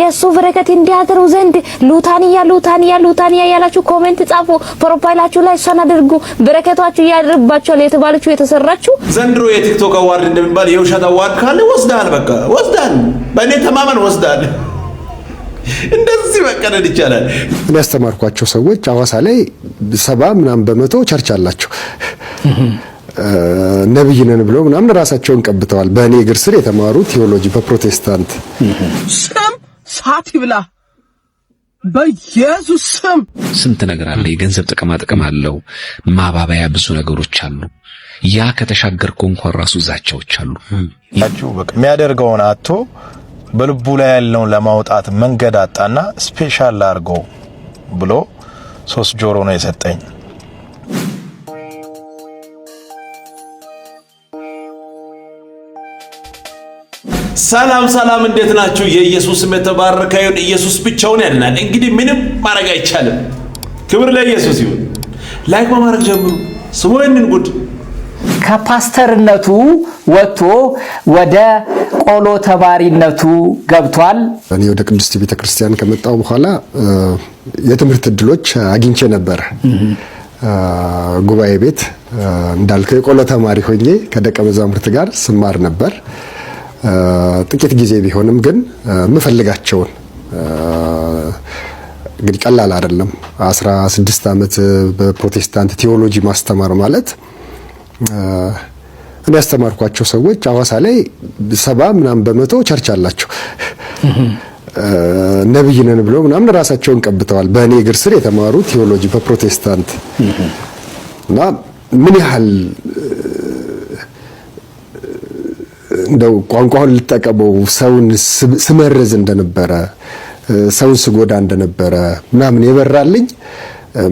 የእሱ በረከት እንዲያደሩ ዘንድ ሉታንያ ሉታንያ ሉታንያ ያላችሁ ኮሜንት ጻፉ። ፕሮፋይላችሁ ላይ እሷን አድርጉ። በረከቷችሁ ያድርባችኋል። የተባለችው የተሰራችሁ ዘንድሮ የቲክቶክ አዋርድ እንደሚባል የውሸት አዋርድ ካለ ወስዳል። በቃ ወስዳል። በእኔ ተማመን ወስዳል። እንደዚህ መቀደድ ይቻላል። እኔ ያስተማርኳቸው ሰዎች አዋሳ ላይ ሰባ ምናምን በመቶ ቸርች አላቸው ነብይ ነን ብለው ምናምን ራሳቸውን ቀብተዋል። በእኔ እግር ስር የተማሩ ቴዎሎጂ በፕሮቴስታንት ሰዓት ይብላ በኢየሱስ ስም። ስንት ነገር አለ። የገንዘብ ጥቅማ ጥቅም አለው። ማባበያ ብዙ ነገሮች አሉ። ያ ከተሻገርከው እንኳን ራሱ ዛቻዎች አሉ። የሚያደርገውን አቶ በልቡ ላይ ያለውን ለማውጣት መንገድ አጣና ስፔሻል አርጎ ብሎ ሶስት ጆሮ ነው የሰጠኝ። ሰላም ሰላም፣ እንዴት ናችሁ? የኢየሱስ ስም የተባረከ ይሁን። ኢየሱስ ብቻውን ያድናል። እንግዲህ ምንም ማድረግ አይቻልም። ክብር ለኢየሱስ ይሁን። ላይክ በማድረግ ጀምሩ። ስሙ ይህንን ጉድ ከፓስተርነቱ ወጥቶ ወደ ቆሎ ተማሪነቱ ገብቷል። እኔ ወደ ቅድስት ቤተ ክርስቲያን ከመጣሁ በኋላ የትምህርት እድሎች አግኝቼ ነበር። ጉባኤ ቤት እንዳልከው የቆሎ ተማሪ ሆኜ ከደቀ መዛሙርት ጋር ስማር ነበር። ጥቂት ጊዜ ቢሆንም ግን የምፈልጋቸውን እንግዲህ ቀላል አይደለም። አስራ ስድስት ዓመት በፕሮቴስታንት ቴዎሎጂ ማስተማር ማለት እኔ ያስተማርኳቸው ሰዎች አዋሳ ላይ ሰባ ምናምን በመቶ ቸርች አላቸው። ነብይ ነን ብለው ምናምን ራሳቸውን ቀብተዋል። በእኔ እግር ስር የተማሩ ቴዎሎጂ በፕሮቴስታንት እና ምን ያህል እንደው ቋንቋውን ልጠቀመው ሰውን ስመርዝ እንደነበረ ሰውን ስጎዳ እንደነበረ ምናምን የበራልኝ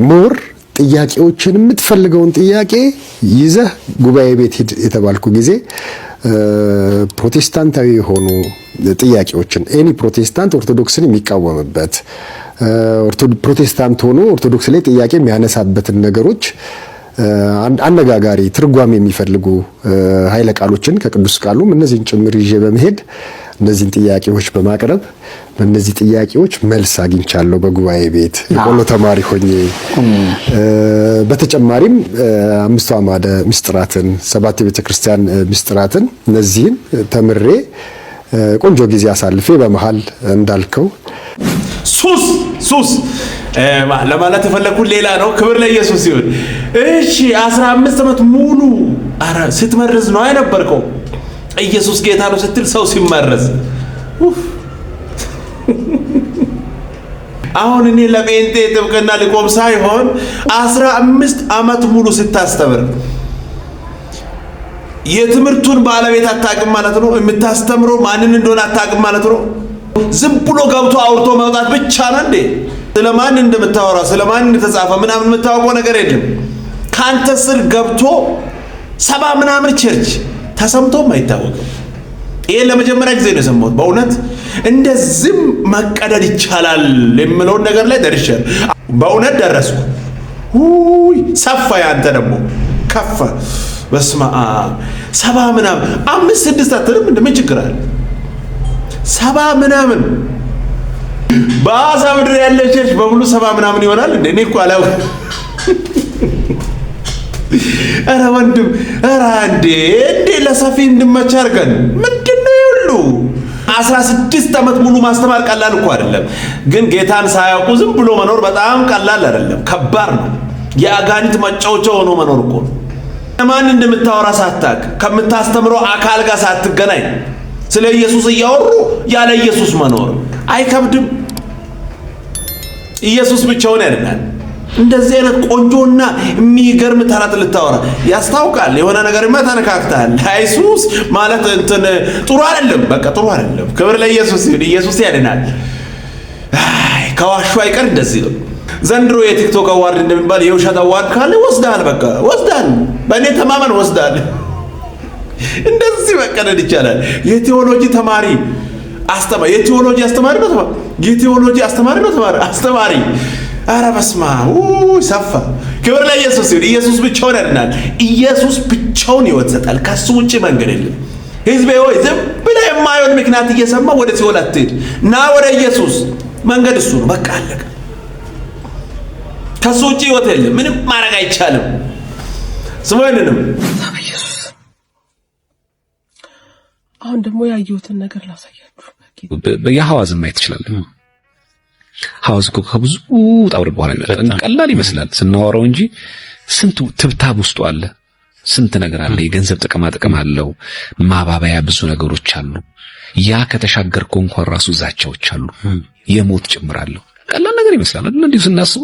ሞር ጥያቄዎችን የምትፈልገውን ጥያቄ ይዘህ ጉባኤ ቤት ሂድ የተባልኩ ጊዜ ፕሮቴስታንታዊ የሆኑ ጥያቄዎችን ኤኒ ፕሮቴስታንት ኦርቶዶክስን የሚቃወምበት ፕሮቴስታንት ሆኖ ኦርቶዶክስ ላይ ጥያቄ የሚያነሳበትን ነገሮች አነጋጋሪ ትርጓሜ የሚፈልጉ ኃይለ ቃሎችን ከቅዱስ ቃሉም እነዚህን ጭምር ይዤ በመሄድ እነዚህን ጥያቄዎች በማቅረብ በእነዚህ ጥያቄዎች መልስ አግኝቻለሁ። በጉባኤ ቤት የቆሎ ተማሪ ሆኜ በተጨማሪም አምስቱ አማደ ምስጢራትን ሰባት የቤተ ክርስቲያን ምስጢራትን እነዚህን ተምሬ ቆንጆ ጊዜ አሳልፌ በመሀል እንዳልከው ሱስ ሱስ ለማለት የፈለግኩት ሌላ ነው። ክብር ለኢየሱስ ይሁን። እሺ አስራ አምስት ዓመት ሙሉ ኧረ ስትመርዝ ነው አይነበርከው ኢየሱስ ጌታ ነው ስትል ሰው ሲመረዝ አሁን እኔ ለጴንጤ ጥብቅና ሊቆም ሳይሆን አስራ አምስት ዓመት ሙሉ ስታስተምር የትምህርቱን ባለቤት አታቅም ማለት ነው። የምታስተምረው ማንን እንደሆነ አታቅም ማለት ነው። ዝም ብሎ ገብቶ አውርቶ መውጣት ብቻ ነው እንዴ? ስለ ማን እንደምታወራ ስለ ማን እንደተጻፈ ምናምን የምታወቀው ነገር የለም። ከአንተ ስር ገብቶ ሰባ ምናምን ቸርች ተሰምቶም አይታወቅም። ይሄን ለመጀመሪያ ጊዜ ነው የሰማሁት። በእውነት እንደዚህም መቀደድ ይቻላል የምለውን ነገር ላይ ደርሻል። በእውነት ደረስኩ። ውይ ሰፋ፣ ያንተ ደግሞ ከፋ። በስመ አብ ሰባ ምናምን አምስት ስድስት አትልም እንደምን ችግር አለ? ሰባ ምናምን በአሳ ምድር ያለ ቸርች በሙሉ ሰባ ምናምን ይሆናል እንዴ? እኔ እኮ አላውቅም። ኧረ ወንድም ኧረ እንዴ እንዴ ለሰፊ እንድመቻ አድርገን ምንድን ነው ይሁሉ አስራ ስድስት ዓመት ሙሉ ማስተማር ቀላል እኮ አይደለም። ግን ጌታን ሳያውቁ ዝም ብሎ መኖር በጣም ቀላል አይደለም፣ ከባድ ነው። የአጋንንት መጫወቻ ሆኖ መኖር እኮ ነው። ማን እንደምታወራ ሳታቅ ከምታስተምረው አካል ጋር ሳትገናኝ ስለ ኢየሱስ እያወሩ ያለ ኢየሱስ መኖር አይከብድም። ኢየሱስ ብቻውን ያድናል። እንደዚህ አይነት ቆንጆና የሚገርም ተረት ልታወራ ያስታውቃል። የሆነ ነገርማ ተነካክታል። ኢየሱስ ማለት እንትን ጥሩ አይደለም፣ በቃ ጥሩ አይደለም። ክብር ለኢየሱስ ይሁን። ኢየሱስ ያድናል። አይ ከዋሹ አይቀር እንደዚህ ነው። ዘንድሮ የቲክቶክ አዋርድ እንደሚባል የውሸት አዋርድ ካለ ወስዳል፣ በቃ ወስዳል። በእኔ ተማመን ወስዳለሁ። እንደዚህ መቀደድ ይቻላል። የቴዎሎጂ ተማሪ አስተማ የቴዎሎጂ አስተማሪ ነው ተማሪ የቴዎሎጂ አስተማሪ ነው ተማሪ አስተማሪ አረ በስማ ሰፋ ክብር ላይ ኢየሱስ ይሁን። ኢየሱስ ብቻውን ያድናል። ኢየሱስ ብቻውን ሕይወት ይሰጣል። ከሱ ውጭ መንገድ የለም። ህዝቤ ሆይ ዝም ብለህ የማይሆን ምክንያት እየሰማ ወደ ሲኦል አትሄድ። ና ወደ ኢየሱስ መንገድ እሱ ነው። በቃ አለቀ። ከሱ ውጭ ሕይወት የለም። ምንም ማድረግ አይቻልም። ስሙ አይደለም። አሁን ደግሞ ያየሁትን ነገር ላሳያችሁ። የሐዋዝን ማየት ትችላለህ። ሐዋዝ እኮ ከብዙ ውጣ ውረድ በኋላ ቀላል ይመስላል ስናወራው እንጂ ስንት ትብታብ ውስጡ አለ። ስንት ነገር አለ። የገንዘብ ጥቅማ ጥቅም አለው። ማባበያ ብዙ ነገሮች አሉ። ያ ከተሻገርከው እንኳን ራሱ ዛቻዎች አሉ። የሞት ጭምር አለው። ቀላል ነገር ይመስላል አይደል? እንዲሁ ስናስቡ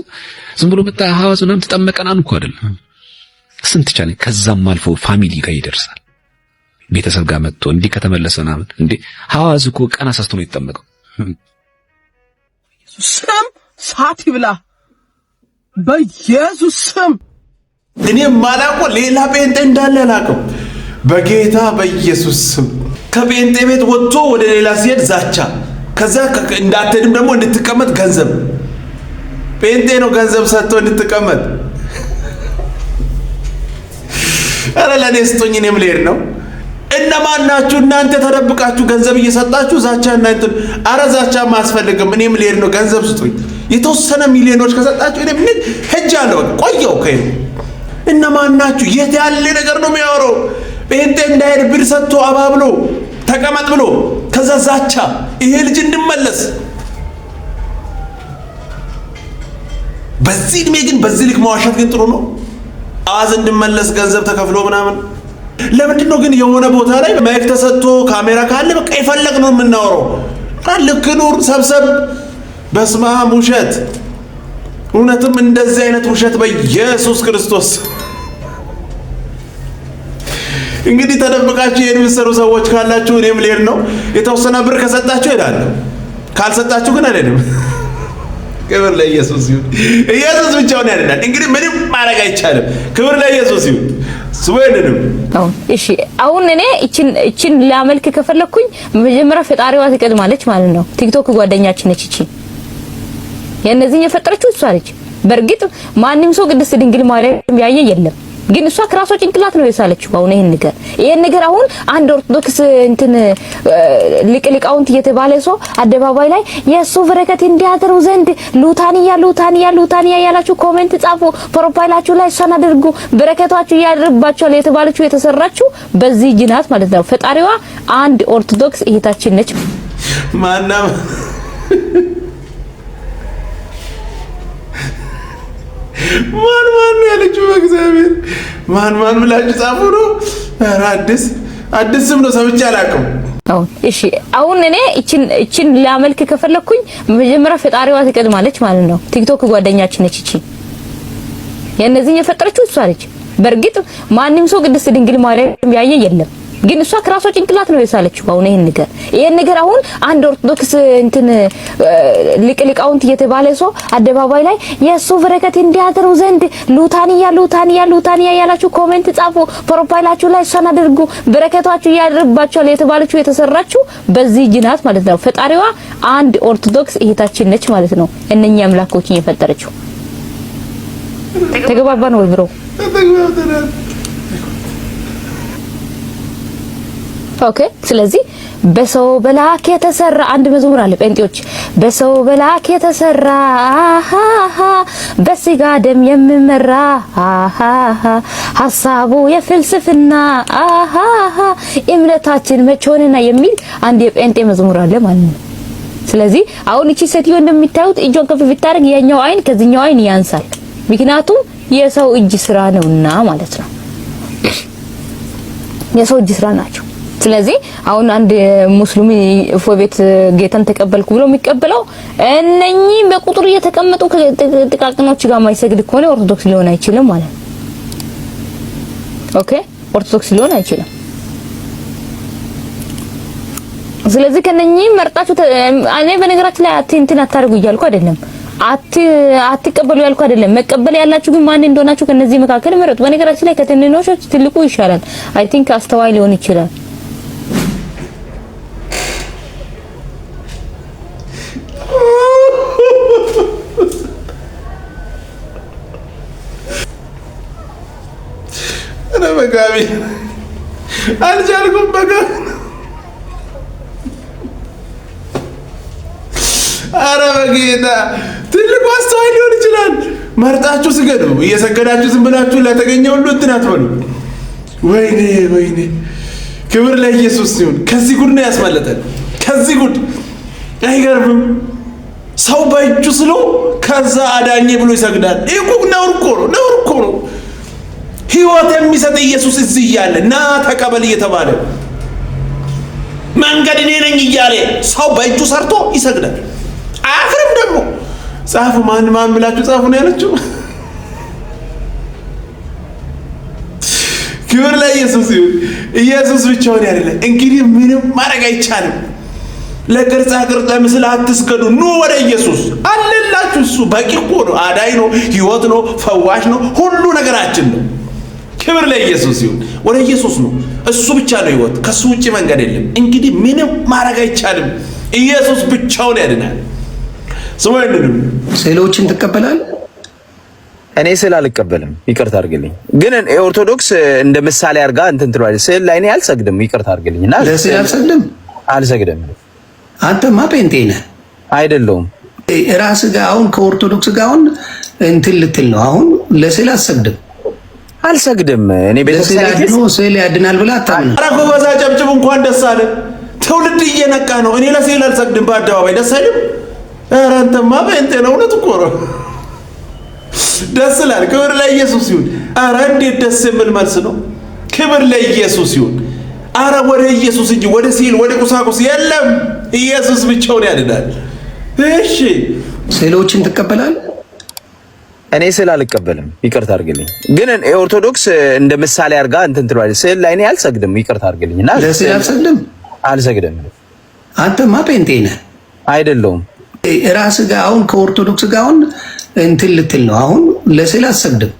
ዝም ብሎ መጣ ሐዋዝ ምናምን ተጠመቀናን እኮ አይደለም ስንት ቻለ። ከዛም አልፎ ፋሚሊ ጋር ይደርሳል። ቤተሰብ ጋር መጥቶ እንዲህ ከተመለሰ ምናምን እንዴ ሐዋዝ እኮ ቀን አሳስቶ ነው የተጠመቀው። ኢየሱስ ስም ሳት ይብላ። በኢየሱስ ስም እኔ ማላቆ ሌላ ጴንጤ እንዳለ አላውቅም። በጌታ በኢየሱስ ስም ከጴንጤ ቤት ወጥቶ ወደ ሌላ ሲሄድ ዛቻ፣ ከዛ እንዳትሄድም ደግሞ እንድትቀመጥ ገንዘብ ጴንጤ ነው ገንዘብ ሰጥቶ እንድትቀመጥ ኧረ ለእኔ ስጡኝ፣ እኔም ልሄድ ነው። እነማን ናችሁ እናንተ? ተደብቃችሁ ገንዘብ እየሰጣችሁ ዛቻ እናንተ። ኧረ ዛቻ አያስፈልግም፣ እኔም ልሄድ ነው፣ ገንዘብ ስጡኝ። የተወሰነ ሚሊዮኖች ከሰጣችሁ እኔ ምን ሄጃ አለው ቆየው። ከይ እነማን ናችሁ? የት ያለ ነገር ነው የሚያወራው? ጴንጤ እንዳይሄድ ብር ሰጥቶ አባብሎ ተቀመጥ ብሎ ከዛ ዛቻ፣ ይሄ ልጅ እንድመለስ በዚህ እድሜ ግን በዚህ ልክ መዋሸት ግን ጥሩ ነው። አዋዝ እንድመለስ ገንዘብ ተከፍሎ ምናምን ለምንድን ነው ግን የሆነ ቦታ ላይ ማይክ ተሰጥቶ ካሜራ ካለ በቃ የፈለግ ነው የምናወረው። ልክ ኑር ሰብሰብ በስማም ውሸት፣ እውነትም እንደዚህ አይነት ውሸት በኢየሱስ ክርስቶስ። እንግዲህ ተደብቃችሁ ይሄን የምትሰሩ ሰዎች ካላችሁ እኔም ልሄድ ነው። የተወሰነ ብር ከሰጣችሁ ሄዳለሁ፣ ካልሰጣችሁ ግን አልሄድም። ክብር ለኢየሱስ ይሁን። ኢየሱስ ብቻውን ያድናል። እንግዲህ ምንም ማድረግ አይቻልም። ክብር ለኢየሱስ ይሁን። እሺ፣ አሁን እኔ እቺን እቺን ላመልክ ከፈለኩኝ መጀመሪያ ፈጣሪዋ ትቀድማለች ማለት ነው። ቲክቶክ ጓደኛችን ነች። እቺ የእነዚህን የፈጠረችው እሷ ነች። በእርግጥ ማንም ሰው ቅድስት ድንግል ማርያም ያየ የለም ግን እሷ ከራሷ ጭንቅላት ነው የሳለችው። አሁን ይሄን ነገር ይሄን ነገር አሁን አንድ ኦርቶዶክስ እንትን ሊቅ ሊቃውንት እየተባለ ሰው አደባባይ ላይ የእሱ በረከት እንዲያደርው ዘንድ ሉታንያ ሉታንያ ሉታንያ ያላችሁ ኮሜንት ጻፉ፣ ፕሮፋይላችሁ ላይ እሷን አድርጉ፣ በረከታችሁ ያድርባችኋል የተባለችው የተሰራችው በዚህ ጅናት ማለት ነው። ፈጣሪዋ አንድ ኦርቶዶክስ እህታችን ነች። ማናም ማን እግዚአብሔር ማን ማን ብላችሁ ጻፉ ነው። ኧረ አዲስ አዲስ ስም ነው ሰምቼ አላውቅም። እሺ አሁን እኔ እችን ላመልክ ከፈለኩኝ መጀመሪያ ፈጣሪዋ ትቀድማለች ማለት ነው። ቲክቶክ ጓደኛችን ነች። እቺ የእነዚህን የፈጠረችው እሷ ነች። በእርግጥ ማንም ሰው ቅድስት ድንግል ማርያም ያየ የለም። ግን እሷ ከራሷ ጭንቅላት ነው የሳለችው። አሁን ይሄን ነገር ይሄን ነገር አሁን አንድ ኦርቶዶክስ እንትን ሊቅሊቃውንት እየተባለ ሰው አደባባይ ላይ የእሱ በረከት እንዲያደሩ ዘንድ ሉታንያ ሉታንያ ሉታንያ ያላችሁ ኮሜንት ጻፉ፣ ፕሮፋይላችሁ ላይ እሷን አድርጉ፣ በረከታችሁ ያድርባችኋል የተባለችው የተሰራችው በዚህ ጅናት ማለት ነው። ፈጣሪዋ አንድ ኦርቶዶክስ እህታችን ነች ማለት ነው። እነኛ አምላኮችን የፈጠረችው ተገባባን ወይ ብሮ ኦኬ። ስለዚህ በሰው በላክ የተሰራ አንድ መዝሙር አለ ጴንጤዎች፣ በሰው በላክ የተሰራ በስጋ ደም የምመራ ሀሳቡ የፍልስፍና እምነታችን መቾንና የሚል አንድ የጴንጤ መዝሙር አለ ማለት ነው። ስለዚህ አሁን እቺ ሴትዮ እንደሚታዩት እጇን ከፍ ብታደርግ ያኛው አይን ከዚህኛው አይን ያንሳል። ምክንያቱም የሰው እጅ ስራ ነውና ማለት ነው። የሰው እጅ ስራ ናቸው። ስለዚህ አሁን አንድ ሙስሊም ፎቤት ጌታን ተቀበልኩ ብሎ የሚቀበለው እነኚህ በቁጥር እየተቀመጡ ጥቃቅኖች ጋር ማይሰግድ ከሆነ ኦርቶዶክስ ሊሆን አይችልም ማለት ነው። ኦኬ ኦርቶዶክስ ሊሆን አይችልም። ስለዚህ ከነኚህ መርጣችሁ እኔ በነገራችን ላይ እንትን አታርጉ እያልኩ አይደለም፣ አትቀበሉ ያልኩ አይደለም። መቀበል ያላችሁ ግን ማን እንደሆናችሁ ከነዚህ መካከል መረጡ። በነገራችን ላይ ከትንንሾች ትልቁ ይሻላል። አይ ቲንክ አስተዋይ ሊሆን ይችላል። በጋቢ አልቻልኩም። በጋቢ አረ በጌታ ትልቁ አስተዋይ ሊሆን ይችላል። መርጣችሁ ስገዱ። እየሰገዳችሁ ዝም ብላችሁ ለተገኘ ሁሉ እንትን አትበሉ። ወይኔ ወይኔ፣ ክብር ለኢየሱስ ሲሆን ከዚህ ጉድ ነው ያስመለጠን። ከዚህ ጉድ አይገርምም። ሰው በእጁ ስሎ ከዛ አዳኜ ብሎ ይሰግዳል። ይህ ነውር እኮ ነው፣ ነውር እኮ ነው። ህይወት የሚሰጥ ኢየሱስ እዚህ እያለ ና ተቀበል እየተባለ መንገድ እኔ ነኝ እያለ ሰው በእጁ ሰርቶ ይሰግዳል። አያፍርም ደግሞ ጻፉ። ማን ማን ብላችሁ ጻፉ ነው ያለችው። ክብር ለኢየሱስ ይሁን። ኢየሱስ ብቻውን ያለ እንግዲህ ምንም ማድረግ አይቻልም። ለቅርጻ ቅርጽ ምስል አትስገዱ። ኑ ወደ ኢየሱስ አለላችሁ። እሱ በቂ እኮ ነው። አዳይ ነው፣ ህይወት ነው፣ ፈዋሽ ነው፣ ሁሉ ነገራችን ነው። ክብር ለኢየሱስ ይሁን። ወደ ኢየሱስ ነው። እሱ ብቻ ነው ህይወት። ከሱ ውጭ መንገድ የለም። እንግዲህ ምንም ማድረግ አይቻልም። ኢየሱስ ብቻውን ያድናል። ስሙ ይንንም ስዕሎችን ትቀበላለህ? እኔ ስዕል አልቀበልም፣ ይቅርታ አድርግልኝ። ግን ኦርቶዶክስ እንደ ምሳሌ አድርጋ እንትን ትሏል። ስዕል ላይ እኔ አልሰግድም፣ ይቅርታ አድርግልኝ። እና ለስዕል አልሰግድም አልሰግድም። አንተማ ጴንጤ ነህ። አይደለሁም። ራስህ ጋር አሁን ከኦርቶዶክስ ጋር አሁን እንትን ልትል ነው። አሁን ለስዕል አልሰግድም አልሰግድም። እኔ ስዕል ያድናል ብላ አታምንም። ኧረ እንኳን ደስ አለ። ትውልድ እየነቃ ነው። እኔ ለስዕል አልሰግድም በአደባባይ ደስ አይልም። ኧረ አንተማ በእንቴ ነው። እውነት እኮ ነው። ደስ ይላል። ክብር ለኢየሱስ ይሁን። ኧረ እንዴት ደስ የሚል መልስ ነው። ክብር ለኢየሱስ ይሁን። አረ ወደ ኢየሱስ እንጂ ወደ ስዕል ወደ ቁሳቁስ የለም። ኢየሱስ ብቻውን ያድናል። እሺ ስዕሎችን ትቀበላል? እኔ ስዕል አልቀበልም፣ ይቅርታ አድርግልኝ። ግን ኦርቶዶክስ እንደ ምሳሌ አድርጋ እንትን ትለዋለች። ስዕል ላይ እኔ አልሰግድም፣ ይቅርታ አድርግልኝ። እና ለስዕል አልሰግድም አልሰግድም። አንተማ ጴንጤ ነህ። አይደለሁም። ራስህ ጋር አሁን ከኦርቶዶክስ ጋር አሁን እንትን ልትል ነው። አሁን ለስዕል አልሰግድም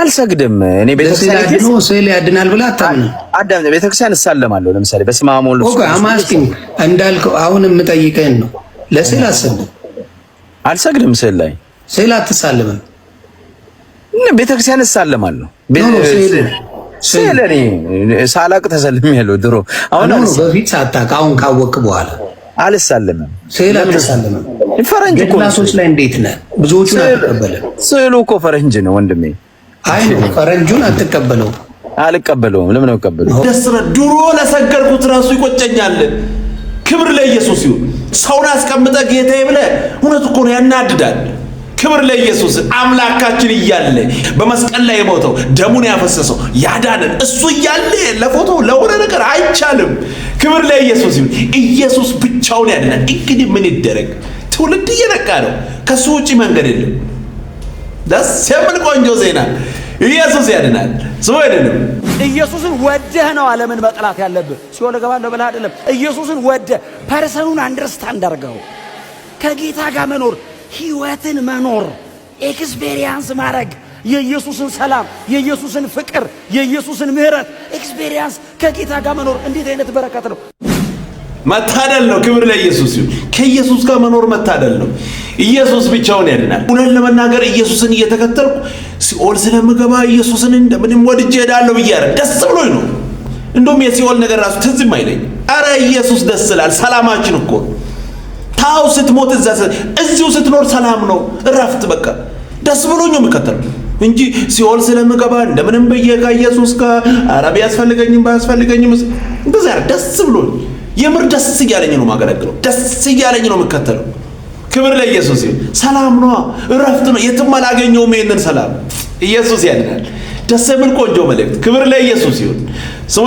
አልሰግድም እኔ ቤተክርስቲያን ስዕል ያድናል ብለህ አታምንም። አዳም ቤተክርስቲያን እሳለማለሁ። ለምሳሌ በስመ አብ ወወልድ እንዳልከው አሁን የምጠይቀህን ነው። ለስዕል አልሰግድም አልሰግድም ስዕል ላይ ስዕል አትሳለምም? ቤተክርስቲያን እሳለማለሁ። ስዕል ሳላቅ ተሰልም ያለ ድሮ። አሁን በፊት ሳታውቅ አሁን ካወቅ በኋላ አልሳለምም። ስዕል አትሳለምም። ፈረንጅ ላይ እንዴት ነህ? ብዙዎቹን አትቀበልም። ስዕሉ እኮ ፈረንጅ ነው ወንድሜ። አይ ፈረንጁን አትቀበለው። አልቀበለውም። ለምን ነው ቀበለው? ድሮ ለሰገርኩት ራሱ ይቆጨኛል። ክብር ለኢየሱስ ይሁን። ሰውን አስቀምጠ ጌታዬ ብለህ እውነት እኮ ነው ያናድዳል። ክብር ለኢየሱስ አምላካችን እያለ በመስቀል ላይ የሞተው ደሙን ያፈሰሰው ያዳነን እሱ እያለ ለፎቶ ለሆነ ነገር አይቻልም። ክብር ለኢየሱስ ይሁን። ኢየሱስ ብቻውን ያድናል። እንግዲህ ምን ይደረግ? ትውልድ እየነቃ ነው። ከሱ ውጭ መንገድ የለም። ደስ የምል ቆንጆ ዜና! ኢየሱስ ያድናል። ስሙ አይደለም ኢየሱስን ወደህ ነው ዓለምን መጥላት ያለብህ። ሲኦል እገባለሁ ብለህ አይደለም። ኢየሱስን ወደህ ፐርሰኑን አንደርስታንድ አድርገው ከጌታ ጋር መኖር ህይወትን መኖር ኤክስፔሪያንስ ማድረግ የኢየሱስን ሰላም፣ የኢየሱስን ፍቅር፣ የኢየሱስን ምህረት ኤክስፔሪያንስ ከጌታ ጋር መኖር እንዴት አይነት በረከት ነው! መታደል ነው። ክብር ለኢየሱስ ይሁን። ከኢየሱስ ጋር መኖር መታደል ነው። ኢየሱስ ብቻውን ያድናል። እውነት ለመናገር ኢየሱስን እየተከተልኩ ሲኦል ስለምገባ ኢየሱስን እንደምንም ወድጄ እሄዳለሁ ብዬ ደስ ብሎኝ ነው። እንደውም የሲኦል ነገር ራሱ ትዝም አይለኝ። አረ ኢየሱስ ደስ ይላል። ሰላማችን እኮ ታው ስትሞት እዛ እዚሁ ስትኖር ሰላም ነው፣ እረፍት በቃ ደስ ብሎኝ የምከተለው እንጂ ሲኦል ስለምገባ እንደምንም በየጋ ኢየሱስ ጋር ያስፈልገኝም ቢያስፈልገኝም ባያስፈልገኝም እግዚአብሔር ደስ ብሎኝ የምር ደስ እያለኝ ነው ማገለግለው፣ ደስ እያለኝ ነው የምከተለው። ክብር ለኢየሱስ ይሁን። ሰላም ነው እረፍት ነው። የትም አላገኘውም ይሄንን ሰላም። ኢየሱስ ያድናል። ደስ የሚል ቆንጆ መልእክት። ክብር ለኢየሱስ ይሁን። ስሙ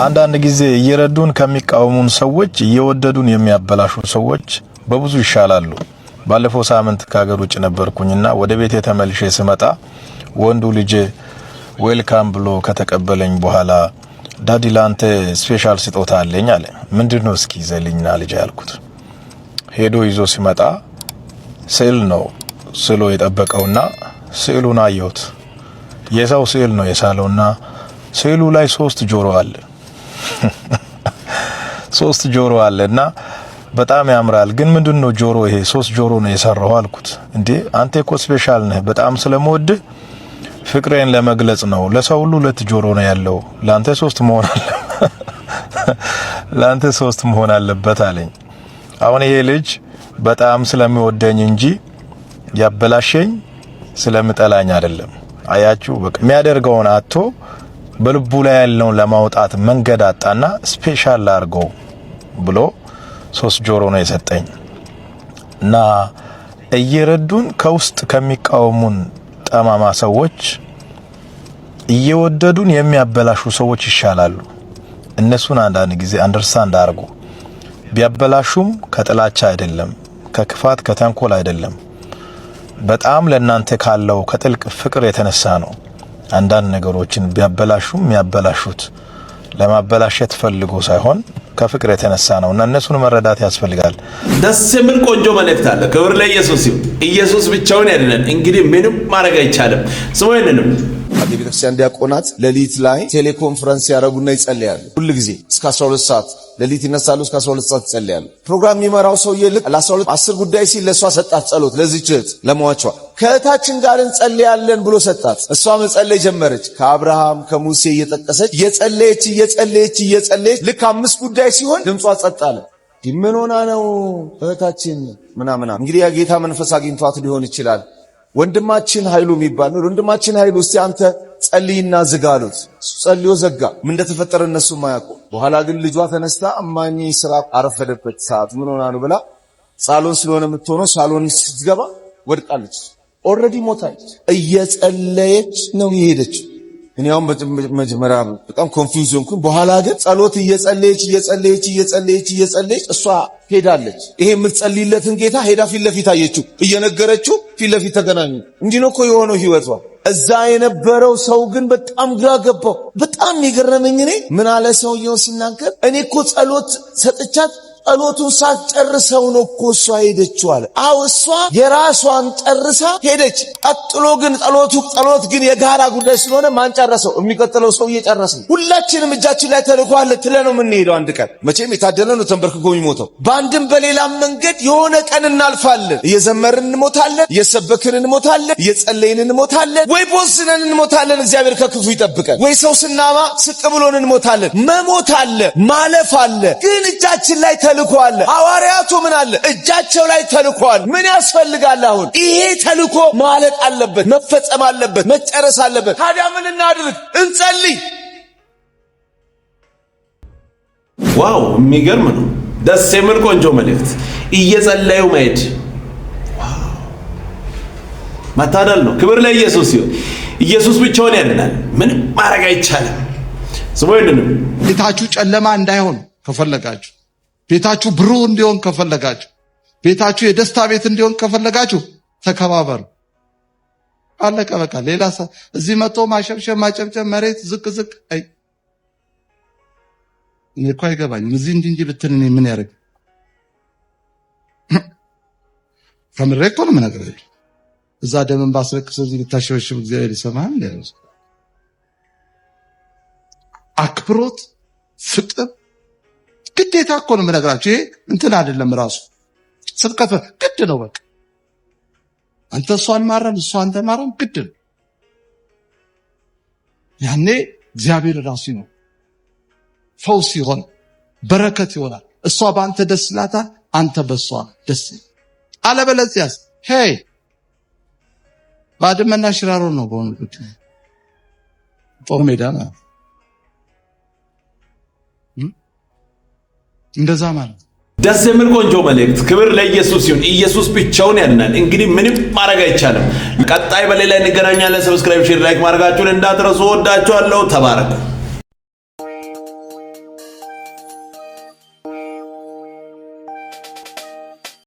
አንዳንድ ጊዜ እየረዱን ከሚቃወሙን ሰዎች እየወደዱን የሚያበላሹ ሰዎች በብዙ ይሻላሉ። ባለፈው ሳምንት ከሀገር ውጭ ነበርኩኝና ወደ ቤት የተመልሼ ስመጣ ወንዱ ልጄ ዌልካም ብሎ ከተቀበለኝ በኋላ ዳዲ ላንተ ስፔሻል ስጦታ አለኝ አለ። ምንድን ነው እስኪ ይዘልኝና ልጅ ያልኩት። ሄዶ ይዞ ሲመጣ ስዕል ነው ስሎ የጠበቀውና ስዕሉን አየሁት። የሰው ስዕል ነው የሳለውና ስዕሉ ላይ ሶስት ጆሮ አለ። ሶስት ጆሮ አለ እና በጣም ያምራል። ግን ምንድን ነው ጆሮ ይሄ ሶስት ጆሮ ነው የሰራው አልኩት። እንዴ አንተ እኮ ስፔሻል ነህ፣ በጣም ስለምወድህ ፍቅሬን ለመግለጽ ነው። ለሰው ሁሉ ሁለት ጆሮ ነው ያለው፣ ላንተ ሶስት መሆን አለ ላንተ ሶስት መሆን አለበት አለኝ። አሁን ይሄ ልጅ በጣም ስለሚወደኝ እንጂ ያበላሸኝ ስለምጠላኝ አይደለም። አያችሁ በቃ የሚያደርገውን አቶ በልቡ ላይ ያለውን ለማውጣት መንገድ አጣና ስፔሻል አድርጎ ብሎ ሶስት ጆሮ ነው የሰጠኝ እና እየረዱን ከውስጥ ከሚቃወሙን ጠማማ ሰዎች እየወደዱን የሚያበላሹ ሰዎች ይሻላሉ። እነሱን አንዳንድ ጊዜ አንደርስታንድ አድርጉ። ቢያበላሹም ከጥላቻ አይደለም፣ ከክፋት ከተንኮል አይደለም። በጣም ለእናንተ ካለው ከጥልቅ ፍቅር የተነሳ ነው። አንዳንድ ነገሮችን ቢያበላሹም የሚያበላሹት ለማበላሸት ፈልጎ ሳይሆን ከፍቅር የተነሳ ነው እና እነሱን መረዳት ያስፈልጋል። ደስ የምን ቆንጆ መልእክት አለ። ክብር ለኢየሱስ ይሁን። ኢየሱስ ብቻውን ያድነን። እንግዲህ ምንም ማድረግ አይቻልም። ስሙ ይንንም ቤተክርስቲያን ዲያቆናት ሌሊት ላይ ቴሌኮንፈረንስ ያደረጉና ይጸልያሉ። ሁል ጊዜ እስከ 12 ሰዓት ሌሊት ይነሳሉ። እስከ 12 ሰዓት ይጸልያሉ። ፕሮግራም የሚመራው ሰውዬ ልክ ለ12 10 ጉዳይ ሲል ለእሷ ሰጣት ጸሎት ለዚች እህት ለሟቿ ከእህታችን ጋር እንጸልያለን ብሎ ሰጣት። እሷ መጸለይ ጀመረች። ከአብርሃም ከሙሴ እየጠቀሰች እየጸለየች እየጸለየች እየጸለየች ልክ አምስት ጉዳይ ሲሆን ድምጿ ጸጥ አለ። ምን ሆና ነው እህታችን ምናምና? እንግዲህ የጌታ መንፈስ አግኝቷት ሊሆን ይችላል። ወንድማችን ኃይሉ የሚባል ነው። ወንድማችን ኃይሉ እስቲ አንተ ጸልይና ዝጋ አሉት። ጸልዮ ዘጋ። ምን እንደተፈጠረ እነሱ ማያውቁ። በኋላ ግን ልጇ ተነስታ እማኝ ስራ አረፈደበት ሰዓት ምን ሆና ነው ብላ ሳሎን ስለሆነ የምትሆነው ሳሎን ስትገባ ወድቃለች። ኦልሬዲ ሞታለች። እየጸለየች ነው የሄደችው። እኔ አሁን መጀመሪያ በጣም ኮንፊውዝ ሆንኩኝ። በኋላ ግን ጸሎት እየጸለየች እየጸለየች እየጸለየች እየጸለየች እሷ ሄዳለች። ይሄ የምትጸልይለትን ጌታ ሄዳ ፊት ለፊት አየችው፣ እየነገረችው ፊት ለፊት ተገናኙ። እንዲህ ነው እኮ የሆነው ህይወቷ። እዛ የነበረው ሰው ግን በጣም ግራ ገባው። በጣም የገረመኝ እኔ ምን አለ ሰውየው ሲናገር እኔ እኮ ጸሎት ሰጥቻት ጸሎቱን ሳትጨርሰው ነው እኮ እሷ ሄደችው አለ። እሷ የራሷን ጨርሳ ሄደች። ቀጥሎ ግን ጸሎቱ ጸሎት ግን የጋራ ጉዳይ ስለሆነ ማን ጨረሰው? የሚቀጥለው ሰው እየጨረሰ ሁላችንም እጃችን ላይ ተልኳለ ትለ ነው የምንሄደው። አንድ ቀን መቼም የታደለ ነው ተንበርክኮ የሚሞተው። በአንድም በሌላም መንገድ የሆነ ቀን እናልፋለን። እየዘመርን እንሞታለን፣ እየሰበክን እንሞታለን፣ እየጸለይን እንሞታለን፣ ወይ ቦዝነን እንሞታለን። እግዚአብሔር ከክፉ ይጠብቀን። ወይ ሰው ስናማ ስቅ ብሎን እንሞታለን። መሞት አለ፣ ማለፍ አለ። ግን እጃችን ላይ ተልኮ አለ። ሐዋርያቱ ምን አለ እጃቸው ላይ ተልኮ አለ። ምን ያስፈልጋል? አሁን ይሄ ተልኮ ማለቅ አለበት፣ መፈጸም አለበት፣ መጨረስ አለበት። ታዲያ ምን እናድርግ? እንጸልይ። ዋው የሚገርም ነው። ደስ የሚል ቆንጆ መልእክት። እየጸለዩ መሄድ መታደል ነው። ክብር ለኢየሱስ ይሁን። ኢየሱስ ብቻውን ያድናል። ምንም ማድረግ አይቻልም። ስሙ ይድንም ልታችሁ ጨለማ እንዳይሆን ከፈለጋችሁ ቤታችሁ ብሩህ እንዲሆን ከፈለጋችሁ፣ ቤታችሁ የደስታ ቤት እንዲሆን ከፈለጋችሁ ተከባበሩ። አለቀ በቃ። ሌላ እዚህ መጥቶ ማሸብሸብ፣ ማጨብጨብ፣ መሬት ዝቅ ዝቅ አይ እኔ እኮ አይገባኝም። እዚህ እንዲህ እንጂ ብትል እኔ ምን ያደርግ ከምሬ እኮ ነው የምነግርህ። እዛ ደምን ባስለቅስ እዚህ ልታሸበሽብ እግዚአብሔር ይሰማል። አክብሮት፣ ፍቅር ግዴታ እኮ ነው የምነግራቸው። ይሄ እንትን አይደለም፣ ራሱ ስብከት ግድ ነው። በቃ አንተ እሷን ማረም፣ እሷ አንተ ማረም ግድ ነው። ያኔ እግዚአብሔር ራሱ ነው ፈውስ ይሆን በረከት ይሆናል። እሷ በአንተ ደስ ይላታል፣ አንተ በእሷ ደስ አለበለዚያስ ሄይ ባድመና ሽራሮ ነው በሆኑ ጦር ሜዳ ነው። እንደዛ ማለት ደስ የሚል ቆንጆ መልእክት። ክብር ለኢየሱስ ይሁን። ኢየሱስ ብቻውን ያድናል። እንግዲህ ምንም ማድረግ አይቻልም። ቀጣይ በሌላ እንገናኛለን። ሰብስክራይብ፣ ሼር፣ ላይክ ማድረጋችሁን እንዳትረሱ። ወዳችኋለሁ። ተባረኩ።